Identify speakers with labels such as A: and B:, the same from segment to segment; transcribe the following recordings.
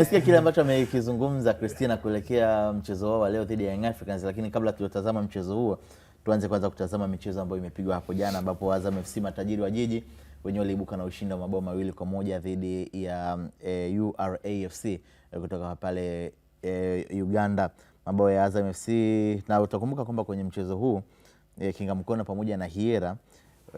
A: umesikia kile ambacho amekizungumza Christina kuelekea mchezo wao wa leo dhidi ya Young Africans, lakini kabla tuliotazama mchezo huo, tuanze kwanza kutazama michezo ambayo imepigwa hapo jana, ambapo Azam FC matajiri wa jiji wenyewe waliibuka na ushindi wa mabao mawili kwa moja dhidi ya e, eh, URAFC eh, kutoka pale e, Uganda. Mabao ya Azam FC na utakumbuka kwamba kwenye mchezo huu e, Kinga Mkono pamoja na Hiera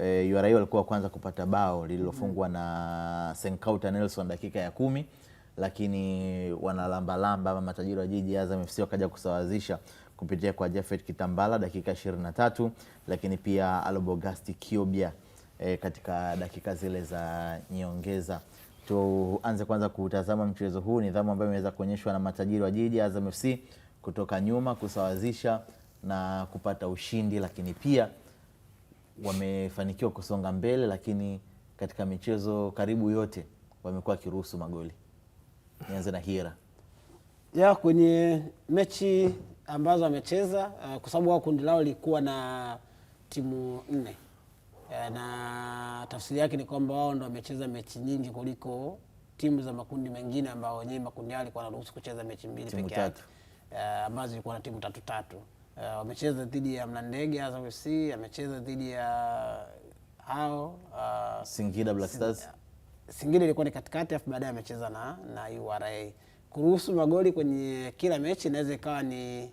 A: e, URA walikuwa kwanza kupata bao lililofungwa na Senkauta Nelson dakika ya kumi lakini wanalambalamba ama matajiri wa jiji Azam FC wakaja kusawazisha kupitia kwa Jafet Kitambala dakika na tatu, lakini pia Alobogasti Kiobia e, katika dakika zile za nyongeza. Tuanze kwanza kutazama mchezo huu, nidhamu ambayo imeweza kuonyeshwa na matajiri wa jiji Azam FC kutoka nyuma kusawazisha na kupata ushindi, lakini pia wamefanikiwa kusonga mbele, lakini katika michezo karibu yote wamekuwa wakiruhusu magoli nianze na Hira
B: ya kwenye mechi ambazo amecheza uh, kwa sababu wao kundi lao lilikuwa na timu nne uh, na tafsiri yake ni kwamba wao ndo wamecheza mechi nyingi kuliko timu za makundi mengine ambao wenyewe makundi yao alikuwa anaruhusu kucheza mechi mbili peke yake eh, ambazo zilikuwa na timu tatu tatu. Uh, wamecheza dhidi ya Mlandege Azam FC, amecheza dhidi ya hao
A: uh, Singida Black Stars
B: Singida ilikuwa ni katikati, afu baadaye amecheza na na URA. Kuruhusu magoli kwenye kila mechi inaweza ikawa ni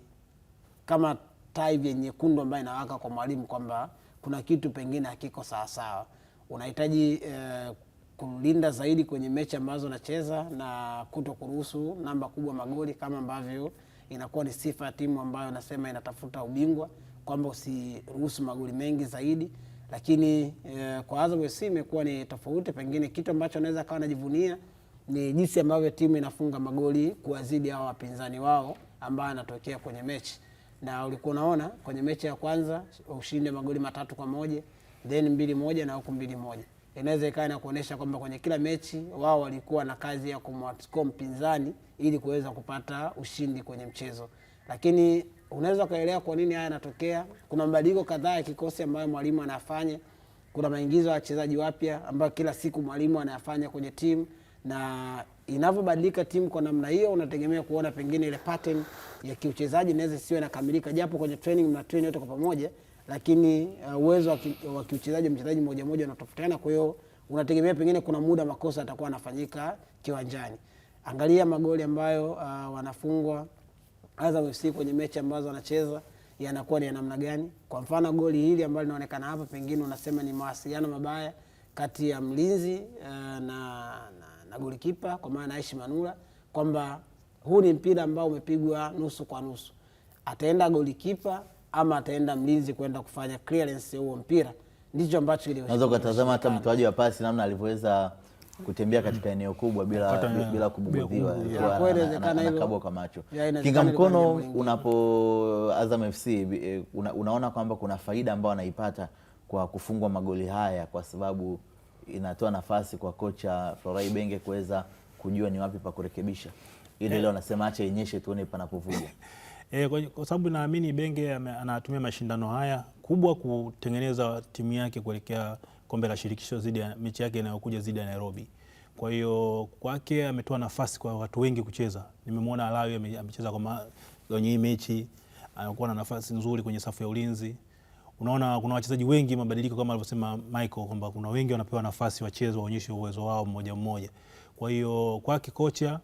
B: kama taa nyekundu ambayo inawaka kwa mwalimu kwamba kuna kitu pengine hakiko sawasawa, unahitaji eh, kulinda zaidi kwenye mechi ambazo unacheza na, na kuto kuruhusu namba kubwa magoli kama ambavyo inakuwa ni sifa ya timu ambayo nasema inatafuta ubingwa kwamba usiruhusu magoli mengi zaidi lakini eh, kwa Azam FC imekuwa ni tofauti. Pengine kitu ambacho anaweza kawa anajivunia ni jinsi ambavyo timu inafunga magoli kuwazidi hao wapinzani wao ambao anatokea kwenye mechi, na ulikuwa unaona kwenye mechi ya kwanza wa magoli matatu kwa moja then mbili moja na huku mbili moja inaweza ikawa na kuonesha kwamba kwenye kila mechi wao walikuwa na kazi ya kumwatiko mpinzani ili kuweza kupata ushindi kwenye mchezo, lakini unaweza ukaelewa kwa nini haya yanatokea. Kuna mabadiliko kadhaa ya kikosi ambayo mwalimu anafanya, kuna maingizo ya wachezaji wapya ambayo kila siku mwalimu anayafanya kwenye timu, na inavyobadilika timu kwa namna hiyo, unategemea kuona pengine ile pattern ya kiuchezaji inaweza isiwe inakamilika, japo kwenye training mna train yote kwa pamoja, lakini uh, uwezo wa kiuchezaji wa mchezaji mmoja mmoja unatofautiana. Kwa hiyo unategemea pengine kuna muda makosa yatakuwa anafanyika kiwanjani. Angalia magoli ambayo uh, wanafungwa Azam FC kwenye mechi ambazo anacheza yanakuwa ni ya namna gani. Kwa mfano goli hili ambalo linaonekana hapa, pengine unasema ni mawasiliano mabaya kati ya mlinzi eh, na, na, na golikipa kwa maana Aishi Manula, kwamba huu ni mpira ambao umepigwa nusu kwa nusu, ataenda golikipa ama ataenda mlinzi kwenda kufanya clearance huo mpira, ndicho ambacho
A: naweza ukatazama hata mtoaji wa pasi namna alivyoweza kutembea katika eneo kubwa bila, bila kubugudhiwa anakabwa kwa macho. Kinga mkono unapo Azam FC eh, una, unaona kwamba kuna faida ambayo anaipata kwa kufungwa magoli haya kwa sababu inatoa nafasi kwa kocha Florai Benge kuweza kujua ni wapi pa kurekebisha ili yeah. Leo acha inyeshe tuone panapovuja
C: Eh, kwa sababu naamini Benge anatumia mashindano haya kubwa kutengeneza timu yake kuelekea kombe la shirikisho zidi ya mechi yake inayokuja zidi ya Nairobi. Kwa hiyo kwake ametoa nafasi kwa watu wengi kucheza. Nimemwona Alawi amecheza kwa kwenye hii mechi, anakuwa na nafasi nzuri kwenye safu ya ulinzi. Unaona kuna wachezaji wengi mabadiliko, kama alivyosema Michael kwamba kuna wengi wanapewa nafasi wacheze, waonyeshe uwezo wao mmoja mmoja. Kwa hiyo kwake kocha,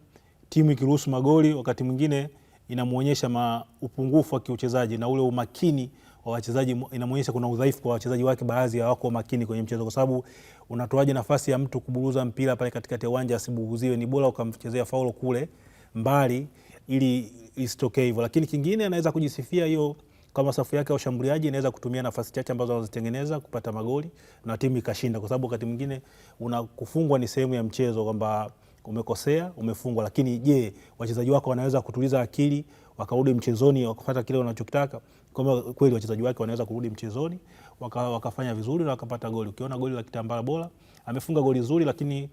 C: timu ikiruhusu magoli wakati mwingine inamuonyesha upungufu wa kiuchezaji na ule umakini wa wachezaji, inamuonyesha kuna udhaifu kwa wachezaji wake, baadhi hawako makini kwenye mchezo, kwa sababu unatoaje nafasi ya mtu kuburuza mpira pale katikati ya uwanja asibuguziwe? Ni bora ukamchezea faulo kule mbali ili isitokee hivyo. Lakini kingine anaweza kujisifia hiyo kama safu yake ya ushambuliaji inaweza kutumia nafasi chache ambazo wanazitengeneza kupata magoli na timu ikashinda, kwa sababu wakati mwingine unakufungwa ni sehemu ya mchezo kwamba umekosea, umefungwa, lakini je, wachezaji wako wanaweza kutuliza akili wakarudi mchezoni wakapata kile wanachokitaka? Kwamba kweli wachezaji wake wanaweza kurudi mchezoni waka, wakafanya vizuri na wakapata goli. Ukiona goli la Kitambala Bora amefunga goli zuri, lakini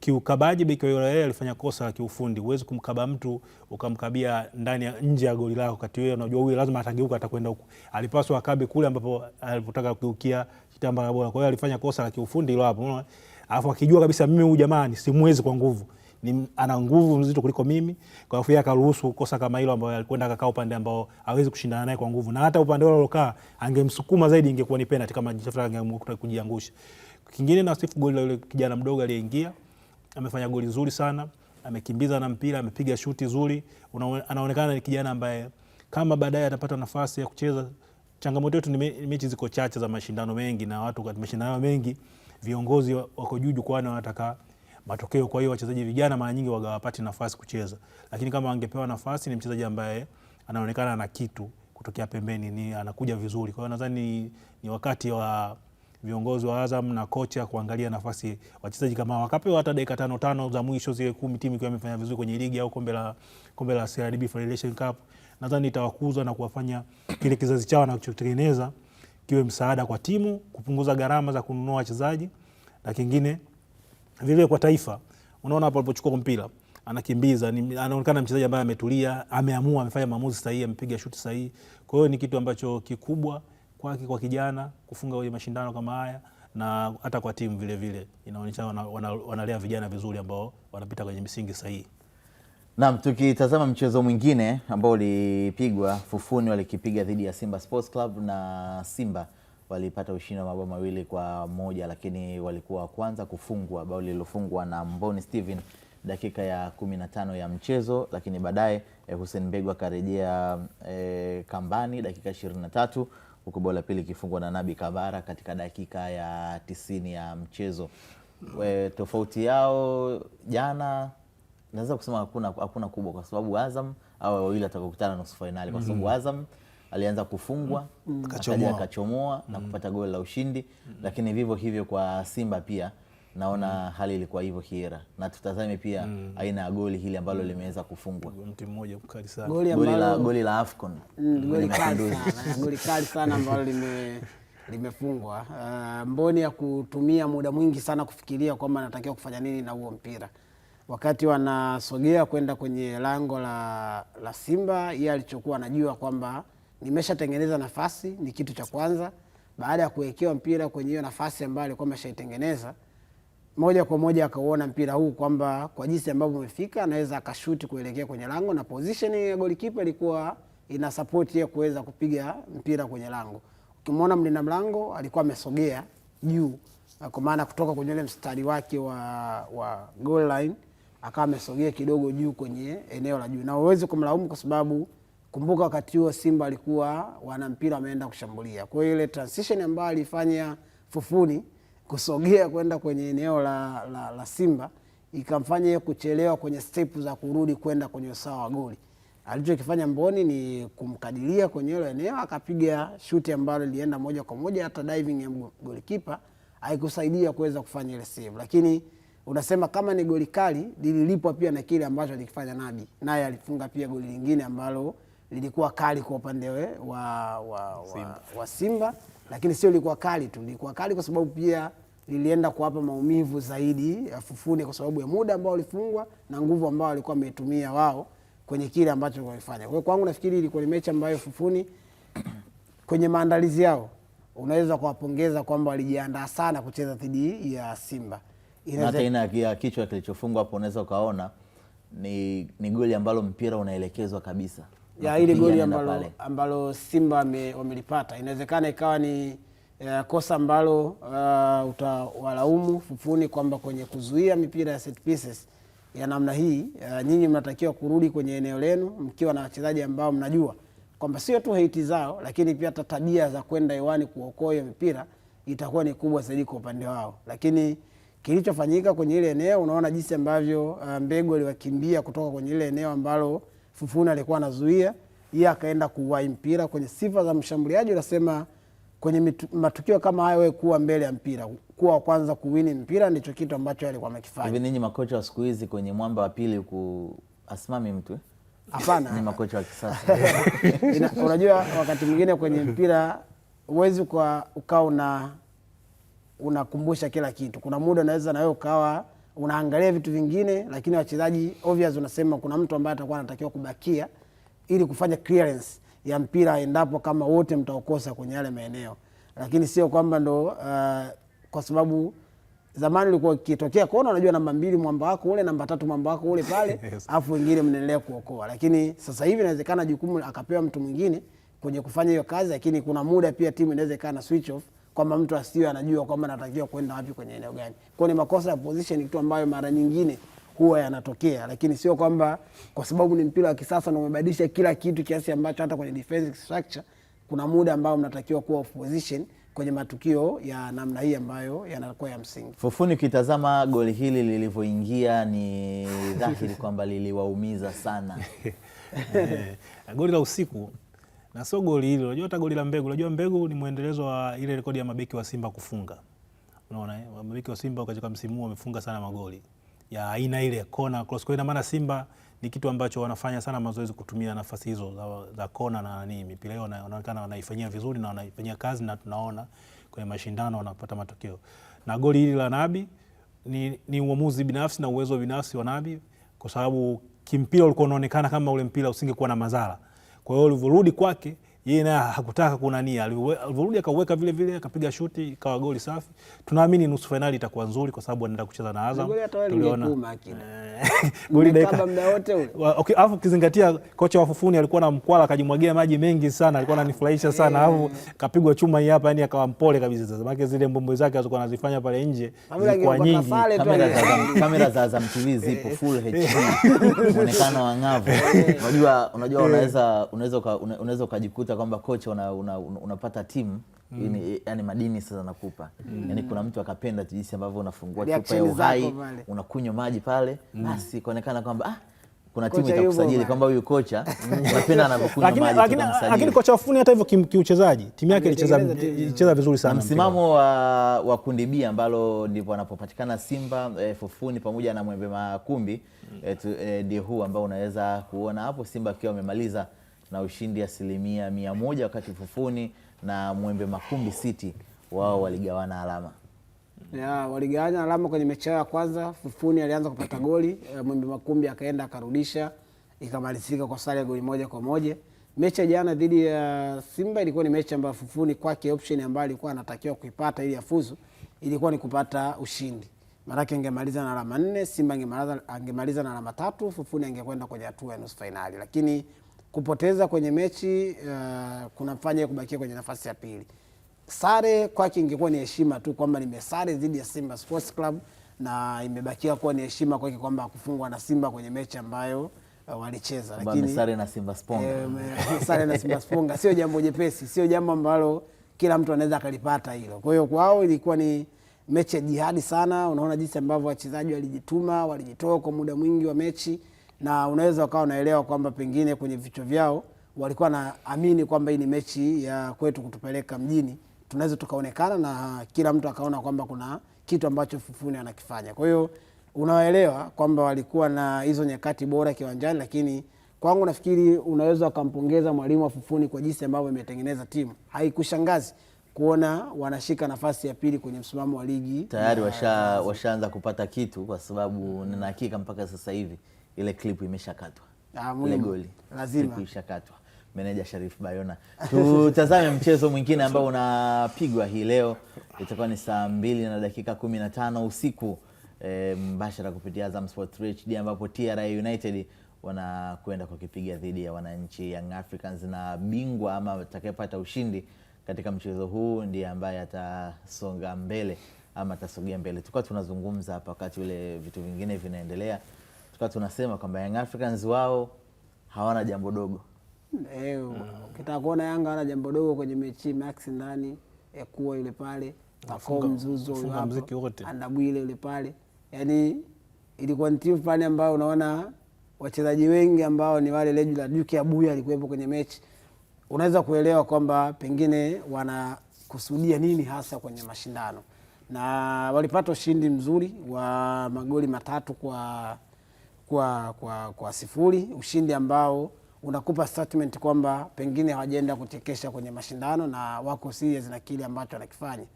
C: kiukabaji beki wa Yeye alifanya kosa la kiufundi. Huwezi kumkaba mtu ukamkabia ndani ya nje ya goli lako, wakati wewe unajua huyu lazima atageuka, atakwenda huko. Alipaswa akabe kule ambapo alipotaka kugeukia Kitambala Bora. Kwa hiyo alifanya kosa la kiufundi hilo hapo, unaona alafu akijua kabisa mimi huyu jamani simwezi kwa nguvu ni ana nguvu nzito kuliko mimi, kwa hiyo yeye akaruhusu kosa kama hilo, ambayo alikwenda akakaa upande ambao hawezi kushindana naye kwa nguvu, na hata upande wao alokaa angemsukuma zaidi, ingekuwa ni penalty kama Jafra angemkuta kujiangusha. Kingine na sifu goli la yule kijana mdogo aliyeingia, amefanya goli nzuri sana, amekimbiza na mpira, amepiga shuti nzuri, anaonekana ni kijana ambaye kama baadaye atapata nafasi ya kucheza. Changamoto yetu ni mechi ziko chache za mashindano mengi na watu katika mashindano mengi viongozi wako juu jukwani wanataka matokeo. Kwa hiyo wachezaji vijana mara nyingi wagawapati nafasi kucheza, lakini kama wangepewa nafasi, ni mchezaji ambaye anaonekana ana kitu kutokea pembeni, ni anakuja vizuri. Kwa hiyo nadhani ni wakati wa viongozi wa Azam na kocha kuangalia nafasi wachezaji kama wakapewa hata dakika tano tano za mwisho zile kumi, timu ikiwa imefanya vizuri kwenye ligi au kombe la kombe la CRDB Federation Cup, nadhani itawakuza na kuwafanya kile kizazi chao anachotengeneza kiwe msaada kwa timu kupunguza gharama za kununua wachezaji, na kingine vile kwa taifa. Unaona hapo alipochukua mpira anakimbiza, anaonekana mchezaji ambaye ametulia, ameamua, amefanya maamuzi sahihi, amepiga shuti sahihi. Kwa hiyo ni kitu ambacho kikubwa kwake, kwa kijana kufunga kwenye mashindano kama haya na hata kwa timu vilevile, inaonyesha wanalea wana, wana vijana vizuri ambao wanapita kwenye misingi sahihi.
A: Naam, tukitazama mchezo mwingine ambao ulipigwa, Fufuni walikipiga dhidi ya Simba Sports Club na Simba walipata ushindi wa mabao mawili kwa moja, lakini walikuwa wa kwanza kufungwa, bao lililofungwa na Mboni Steven dakika ya 15 ya mchezo, lakini baadaye eh, Hussein Mbegu akarejea eh, kambani dakika 23 huku bao la pili ikifungwa na Nabi Kabara katika dakika ya tisini ya mchezo. We, eh, tofauti yao jana naweza kusema hakuna, hakuna kubwa kwa sababu Azam au wawili atakokutana nusu fainali kwa sababu mm-hmm. Azam alianza kufungwa
C: mm. akaja
A: akachomoa mm. na mm-hmm. kupata goli la ushindi mm. lakini vivyo hivyo kwa Simba pia naona mm. hali ilikuwa hivyo hiera, na tutazame pia mm. aina ya goli hili ambalo limeweza kufungwa
C: goli, la goli la Afcon
B: mm, eh, goli kali sana ambalo lime limefungwa uh, mboni ya kutumia muda mwingi sana kufikiria kwamba natakiwa kufanya nini na huo mpira wakati wanasogea kwenda kwenye lango la, la Simba, yeye alichokuwa anajua kwamba nimeshatengeneza nafasi ni kitu cha kwanza. Baada ya kuwekewa mpira kwenye hiyo nafasi ambayo alikuwa ameshaitengeneza, moja kwa moja akauona mpira huu kwamba kwa jinsi ambavyo umefika anaweza akashuti kuelekea kwenye lango, na position ya golikipa ilikuwa ina support ya kuweza kupiga mpira kwenye lango. Ukimwona mlinda mlango alikuwa amesogea juu, kwa maana kutoka kwenye ule mstari wake wa, wa goal line akawa amesogea kidogo juu kwenye eneo la juu, na uwezi kumlaumu kwa sababu kumbuka, wakati huo Simba alikuwa wana mpira wameenda kushambulia. Kwa hiyo ile transition ambayo alifanya Fufuni kusogea kwenda kwenye eneo la, la, la Simba ikamfanya kuchelewa kwenye step za kurudi kwenda kwenye usawa wa goli. Alichokifanya Mboni ni kumkadilia kwenye hilo eneo, akapiga shuti ambalo ilienda moja kwa moja, hata diving ya golikipa haikusaidia kuweza kufanya ile save, lakini unasema kama ni goli kali lililipwa pia na kile ambacho alikifanya Nabi, naye alifunga pia goli lingine ambalo lilikuwa kali kwa upande wa, wa, wa, wa Simba, lakini sio lilikuwa kali tu, lilikuwa kali kwa sababu pia lilienda kuwapa maumivu zaidi Fufune kwa sababu ya muda ambao walifungwa na nguvu ambao walikuwa wameitumia wao kwenye kile ambacho walifanya. Kwa hiyo kwangu nafikiri ilikuwa ni mechi ambayo Fufuni kwenye maandalizi yao unaweza kuwapongeza kwamba walijiandaa sana kucheza dhidi ya Simba
A: hata ina ya kichwa kilichofungwa hapo unaweza ukaona ni, ni goli ambalo mpira unaelekezwa kabisa
B: ya ile goli ambalo, ambalo Simba wamelipata inawezekana ikawa ni uh, kosa ambalo uh, utawalaumu Fufuni kwamba kwenye kuzuia mipira ya set pieces ya namna hii uh, nyinyi mnatakiwa kurudi kwenye eneo lenu mkiwa na wachezaji ambao mnajua kwamba sio tu hate zao, lakini pia hata tabia za kwenda hewani kuokoa hiyo mipira itakuwa ni kubwa zaidi kwa upande wao, lakini kilichofanyika kwenye ile eneo, unaona jinsi ambavyo uh, Mbegu aliwakimbia kutoka kwenye ile eneo ambalo Fufuna alikuwa anazuia, yeye akaenda kuwai mpira. Kwenye sifa za mshambuliaji unasema kwenye mitu, matukio kama hayo, wewe kuwa mbele ya mpira, kuwa wa kwanza kuwini mpira, ndicho kitu ambacho alikuwa amekifanya.
A: Hivi ninyi makocha wa siku hizi kwenye mwamba wa pili ku asimami mtu eh? hapana, ni makocha wa kisasa
B: unajua, wakati mwingine kwenye mpira huwezi ukawa una unakumbusha kila kitu. Kuna muda unaweza na ukawa unaangalia vitu vingine, lakini wachezaji obvious, unasema kuna mtu ambaye atakuwa anatakiwa kubakia ili kufanya clearance ya mpira endapo kama wote mtaokosa kwenye yale maeneo, lakini sio kwamba ndo uh, kwa sababu zamani ilikuwa ikitokea kona, unajua namba mbili mwamba wako ule, namba tatu mwamba wako ule pale afu wengine mnaendelea kuokoa, lakini sasa hivi inawezekana jukumu akapewa mtu mwingine kwenye kufanya hiyo kazi, lakini kuna muda pia timu inaweza ikawa na switch off kwamba mtu asiwe anajua kwamba anatakiwa kwenda wapi kwenye eneo gani. Kwa ni makosa ya position tu ambayo mara nyingine huwa yanatokea, lakini sio kwamba kwa sababu ni mpira wa kisasa na umebadilisha kila kitu kiasi ambacho hata kwenye defensive structure kuna muda ambao mnatakiwa kuwa off position kwenye matukio ya namna hii ambayo yanakuwa ya msingi.
A: Fufuni, ukitazama goli hili lilivyoingia, ni dhahiri kwamba liliwaumiza sana
C: eh, goli la usiku na sio goli hilo, Unajua hata goli la Mbegu, unajua Mbegu ni mwendelezo wa ile rekodi ya mabeki wa Simba kufunga. Unaona eh, mabeki wa Simba katika msimu huu wamefunga sana magoli ya aina ile kona cross. Kwa hiyo maana Simba ni kitu ambacho wanafanya sana mazoezi kutumia nafasi hizo za, za kona na nini, mipira hiyo wanaonekana wanaifanyia vizuri na wanaifanyia kazi, na tunaona kwenye mashindano wanapata matokeo. Na goli hili la Nabi ni, ni uamuzi binafsi na uwezo binafsi wa Nabi, kwa sababu kimpira ulikuwa unaonekana kama ule mpira usingekuwa na madhara kwa hiyo ulivyorudi kwake yeye naye hakutaka kunania, alivyorudi akauweka vile vile, akapiga shuti ikawa goli safi. Tunaamini nusu fainali itakuwa nzuri kwa sababu anaenda kucheza na Azam.
B: Tuliona
C: eh, goli dakika muda wote ule. Okay, alafu ukizingatia kocha wa Fufuni alikuwa na mkwala, akajimwagia maji mengi sana, alikuwa ananifurahisha sana, eh. alafu kapigwa chuma hii hapa, yani akawa mpole kabisa. Sasa maana zile mbombo zake alizokuwa anazifanya pale nje
A: zilikuwa nyingi, kamera za Azam TV eh. zipo full HD, muonekano wa ng'avu. Unajua, unajua unaweza unaweza unaweza ukajikuta kwamba kocha unapata una, una, una timu Mm. Yani madini sasa nakupa mm. Yani kuna mtu akapenda jinsi ambavyo unafungua
B: chupa ya uhai
A: unakunywa maji pale mm. basi mm. Ikaonekana kwamba ah, kuna timu itakusajili kwamba huyu kocha
C: mm. unapenda anavyokunywa maji. Lakini lakini kocha Wafuni hata hivyo kiuchezaji timu yake ilicheza vizuri sana.
A: Msimamo wa, wa kundi B ambalo ndipo anapopatikana Simba eh, Fufuni pamoja na Mwembe Makumbi mm. eh, eh, ndio eh, eh, huu ambao unaweza kuona hapo Simba akiwa amemaliza na ushindi asilimia mia moja wakati Fufuni na Mwembe Makumbi City wao waligawana alama
B: ya waligawana alama kwenye mechi yao ya kwanza. Fufuni alianza kupata goli, eh, Mwembe Makumbi akaenda akarudisha, ikamalizika kwa sare ya goli moja kwa moja. Mechi ya jana dhidi ya Simba ilikuwa ni mechi ambayo Fufuni kwake option ambayo alikuwa anatakiwa kuipata ili afuzu ilikuwa ni kupata ushindi, maanake angemaliza na alama nne, Simba angemaliza na alama tatu, Fufuni angekwenda kwenye hatua ya nusu fainali, lakini kupoteza kwenye mechi uh, kunamfanya kubakia kwenye nafasi ya pili. Sare kwake ingekuwa ni heshima tu kwamba nimesare dhidi ya Simba Sports Club na imebakia kuwa ni heshima kwake kwamba kufungwa na Simba kwenye mechi ambayo uh, walicheza,
A: lakini sare na Simba Sponga,
B: eh, sare na Simba Sponga sio jambo jepesi, sio jambo ambalo kila mtu anaweza akalipata hilo. Kwa hiyo kwao ilikuwa ni mechi ya jihadi sana. Unaona jinsi ambavyo wachezaji walijituma, walijitoa kwa muda mwingi wa mechi na unaweza ukawa unaelewa kwamba pengine kwenye vichwa vyao walikuwa naamini kwamba hii ni mechi ya kwetu kutupeleka mjini, tunaweza tukaonekana na kila mtu akaona kwamba kuna kitu ambacho Fufuni anakifanya. Kwa hiyo unaelewa kwamba walikuwa na hizo nyakati bora kiwanjani, lakini kwangu nafikiri unaweza ukampongeza mwalimu wa Fufuni kwa jinsi ambavyo imetengeneza timu. Haikushangazi kuona wanashika nafasi ya pili kwenye msimamo wa ligi
A: tayari, washaanza washa kupata kitu, kwa sababu nina hakika mpaka sasa hivi ile klipu imeshakatwa, ah, ile goli lazima ishakatwa. Meneja Sharif Bayona, tutazame mchezo mwingine ambao unapigwa hii leo, itakuwa ni saa mbili na dakika kumi na tano usiku e, mbashara kupitia Azam Sport 3 HD ambapo TRA United wanakwenda kukipiga dhidi ya wananchi Young Africans, na bingwa ama atakayepata ushindi katika mchezo huu ndiye ambaye atasonga mbele ama atasogea mbele. Tulikuwa tunazungumza hapa wakati ule vitu vingine vinaendelea tukawa tunasema kwamba Young Africans wao hawana jambo dogo
B: eh, ukitaka kuona Yanga hawana jambo dogo kwenye mechi Max ndani kuwa yule pale Pacome Zouzoua Andabwile yule pale, yani ilikuwa ni timu fulani ambayo unaona wachezaji wengi ambao ni wale regular. Duke Abuya alikuwepo kwenye mechi, unaweza kuelewa kwamba pengine wanakusudia nini hasa kwenye mashindano, na walipata ushindi mzuri wa magoli matatu kwa kwa, kwa, kwa sifuri, ushindi ambao unakupa statement kwamba pengine hawajaenda kuchekesha kwenye mashindano na wako serious na kile ambacho wanakifanya.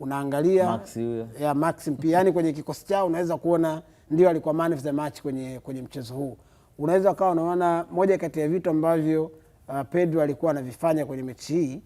B: Unaangalia ya, Max pia yani kwenye kikosi chao unaweza kuona ndio alikuwa man of the match kwenye, kwenye mchezo huu. Unaweza ukawa unaona moja kati ya vitu ambavyo uh, Pedro alikuwa anavifanya kwenye mechi hii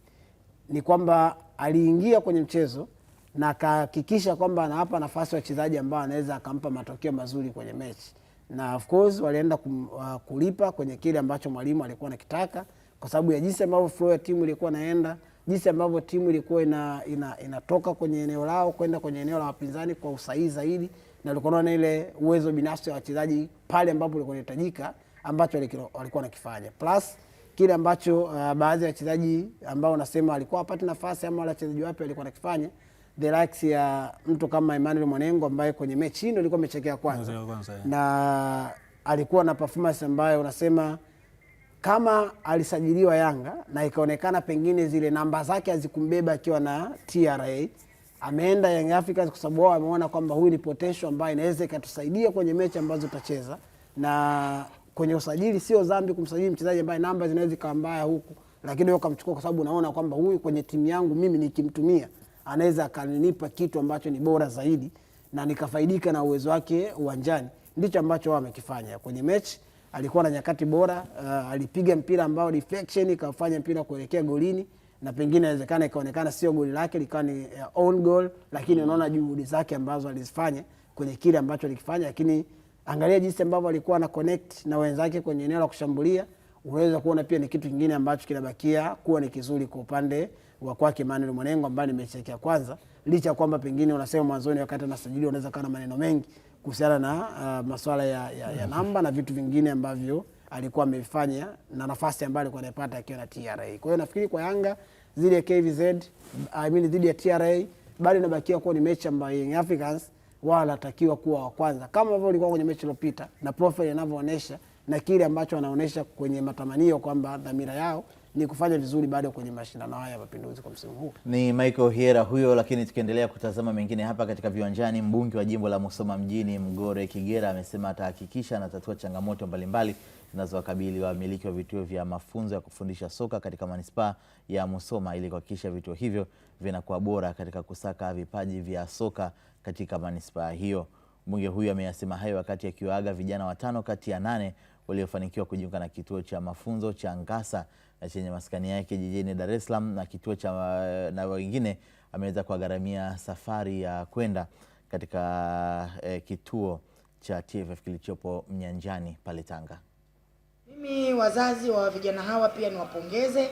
B: ni kwamba aliingia kwenye mchezo na akahakikisha kwamba anawapa nafasi wachezaji ambao anaweza akampa matokeo mazuri kwenye mechi na of course walienda uh, kulipa kwenye kile ambacho mwalimu alikuwa anakitaka, kwa sababu ya jinsi ambavyo flow ya timu ilikuwa naenda, jinsi ambavyo timu ilikuwa ina, ina, inatoka kwenye eneo lao kwenda kwenye eneo la wapinzani kwa usahihi zaidi, na walikuwa naona ile uwezo binafsi wa wachezaji pale ambapo ilikuwa inahitajika, ambacho walikuwa nakifanya plus kile ambacho uh, baadhi ya wachezaji ambao unasema walikuwa wapate nafasi ama wale wachezaji wapya walikuwa nakifanya the likes ya mtu kama Emmanuel Mwanengo ambaye kwenye mechi hii ndio ilikuwa mechi yake ya kwanza na alikuwa na performance ambayo unasema kama alisajiliwa Yanga na ikaonekana pengine zile namba zake hazikumbeba akiwa na TRA, ameenda Young Africans kwa sababu wao wameona kwamba huyu ni potential ambaye inaweza ikatusaidia kwenye mechi ambazo tutacheza, na kwenye usajili sio dhambi kumsajili mchezaji ambaye namba zinaweza ikawa mbaya huku, lakini wewe ukamchukua kwa sababu unaona kwamba huyu kwenye timu yangu mimi nikimtumia anaweza akanipa kitu ambacho ni bora zaidi na nikafaidika na uwezo wake uwanjani. Ndicho ambacho wao amekifanya kwenye mechi. Alikuwa na nyakati bora uh, alipiga mpira ambao deflection ikafanya mpira kuelekea golini na pengine inawezekana ikaonekana sio goli lake, likawa ni uh, own goal, lakini mm. unaona juhudi zake ambazo alizifanya kwenye kile ambacho alikifanya. Lakini angalia jinsi ambavyo alikuwa na connect na wenzake kwenye eneo la kushambulia, unaweza kuona pia ni kitu kingine ambacho kinabakia kuwa ni kizuri kwa upande wa kwake Emmanuel Mwanengo ambaye ni mechi yake ya kwanza, licha ya kwamba pengine unasema mwanzoni wakati anasajili unaweza kuwa na maneno mengi kuhusiana na uh, masuala ya, ya, ya namba na vitu vingine ambavyo alikuwa amefanya na nafasi ambayo alikuwa anaipata akiwa na TRA. Kwa hiyo nafikiri kwa Yanga dhidi ya KVZ, I mean dhidi ya TRA bado inabakia kuwa ni mechi ambayo Young Africans wao wanatakiwa kuwa wa kwanza kama ambavyo ulikuwa kwenye mechi iliyopita na profile inavyoonyesha na kile ambacho wanaonyesha kwenye matamanio kwamba dhamira yao ni kufanya vizuri baada ya kwenye mashindano haya ya Mapinduzi kwa msimu huu.
A: Ni Michael Hiera huyo, lakini tukiendelea kutazama mengine hapa katika viwanjani, mbunge wa jimbo la Musoma mjini Mgore Kigera amesema atahakikisha anatatua changamoto mbalimbali zinazowakabili wamiliki wa vituo vya mafunzo ya kufundisha soka katika manispaa ya Musoma ili kuhakikisha vituo hivyo vinakuwa bora katika kusaka vipaji vya soka katika manispaa hiyo. Mbunge huyo ameyasema hayo wakati akiwaaga vijana watano kati ya nane waliofanikiwa kujiunga na kituo cha mafunzo cha Ngasa chenye maskani yake jijini Dar es Salaam na kituo cha eh, na wengine ameweza kuwagharamia safari ya kwenda katika eh, kituo cha TFF kilichopo Mnyanjani pale Tanga.
D: Mimi wazazi wa vijana hawa pia niwapongeze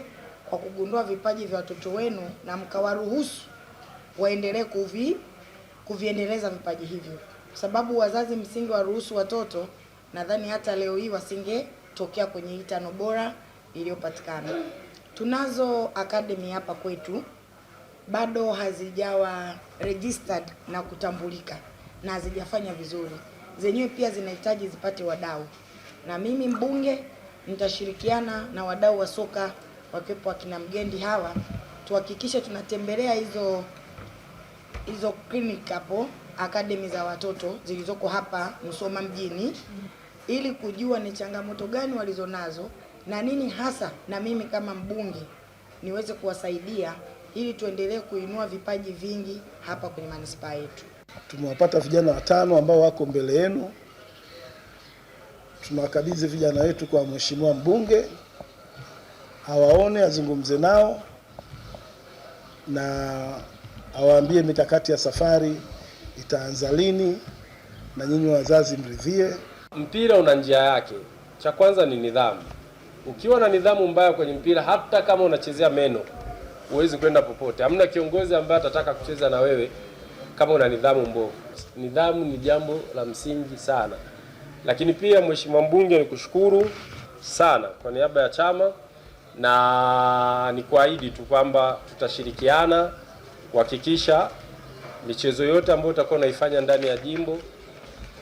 D: kwa kugundua vipaji vya watoto wenu na mkawaruhusu waendelee kuvi kuviendeleza vipaji hivyo, kwa sababu wazazi msingi waruhusu watoto nadhani hata leo hii wasingetokea kwenye hii tano bora iliyopatikana. Tunazo academy hapa kwetu bado hazijawa registered na kutambulika na hazijafanya vizuri, zenyewe pia zinahitaji zipate wadau, na mimi mbunge nitashirikiana na wadau wa soka wakiwepo akina Mgendi hawa, tuhakikishe tunatembelea hizo hizo clinic hapo academy za watoto zilizoko hapa Musoma mjini ili kujua ni changamoto gani walizonazo na nini hasa, na mimi kama mbunge niweze kuwasaidia ili tuendelee kuinua vipaji vingi hapa kwenye manispaa yetu.
E: Tumewapata vijana watano ambao wako mbele yenu. Tunawakabidhi vijana wetu kwa mheshimiwa mbunge awaone, azungumze nao na awaambie mikakati ya safari itaanza lini, na nyinyi wazazi mridhie.
F: Mpira una njia yake. Cha kwanza ni nidhamu. Ukiwa na nidhamu mbaya kwenye mpira, hata kama unachezea meno, huwezi kwenda popote. Hamna kiongozi ambaye atataka kucheza na wewe kama una nidhamu mbovu. Nidhamu ni jambo la msingi sana. Lakini pia, Mheshimiwa Mbunge, nikushukuru sana kwa niaba ya chama na ni kuahidi tu kwamba tutashirikiana kuhakikisha michezo yote ambayo utakuwa unaifanya ndani ya jimbo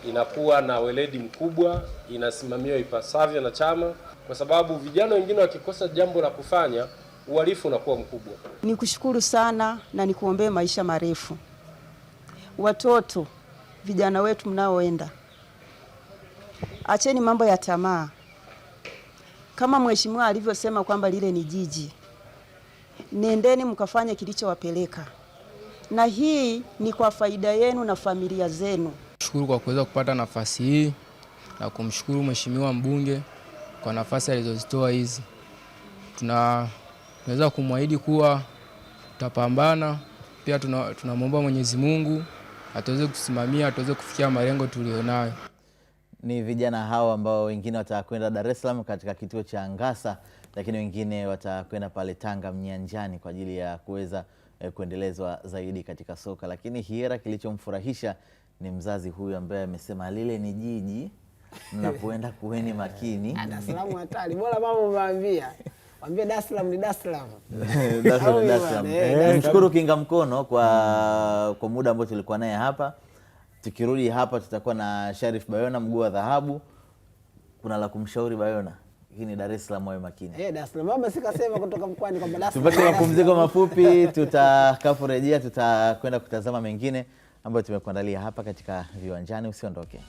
F: inakuwa na weledi mkubwa, inasimamiwa ipasavyo na chama, kwa sababu vijana wengine wakikosa jambo la kufanya uhalifu unakuwa mkubwa.
G: ni kushukuru sana na nikuombee maisha marefu. Watoto vijana wetu mnaoenda, acheni mambo ya tamaa. Kama mheshimiwa alivyosema kwamba lile ni jiji, nendeni mkafanye kilichowapeleka, na hii ni kwa faida yenu na familia zenu.
H: Shukuru kwa kuweza kupata nafasi hii na kumshukuru mheshimiwa mbunge kwa nafasi alizozitoa hizi. Tunaweza kumwahidi kuwa tutapambana, pia tunamwomba tuna Mwenyezi Mungu atuweze kusimamia, atuweze kufikia malengo tulionayo
A: Ni vijana hao ambao wengine watakwenda Dar es Salaam katika kituo cha Ngasa, lakini wengine watakwenda pale Tanga Mnyanjani kwa ajili ya kuweza eh, kuendelezwa zaidi katika soka. Lakini hiera kilichomfurahisha ni mzazi huyu ambaye amesema lile ni jiji mnapoenda kuweni makini.
B: Ah, Dar es Salaam hatari, bora mama umeambia wambia Dar es Salaam ni Dar es Salaam.
A: Tumshukuru eh, Kinga Mkono kwa, kwa muda ambao tulikuwa naye hapa. Tukirudi hapa tutakuwa na Sharif Bayona mguu wa dhahabu. Kuna la kumshauri Bayona? Hii ni Dar es Salaam, awe makini.
B: Eh, Dar es Salaam mama sikasema kutoka mkoani kwamba Dar es
A: Salaam. Tupate mapumziko mafupi, tutakaporejea tutakwenda kutazama mengine ambayo tumekuandalia hapa katika Viwanjani. Usiondoke.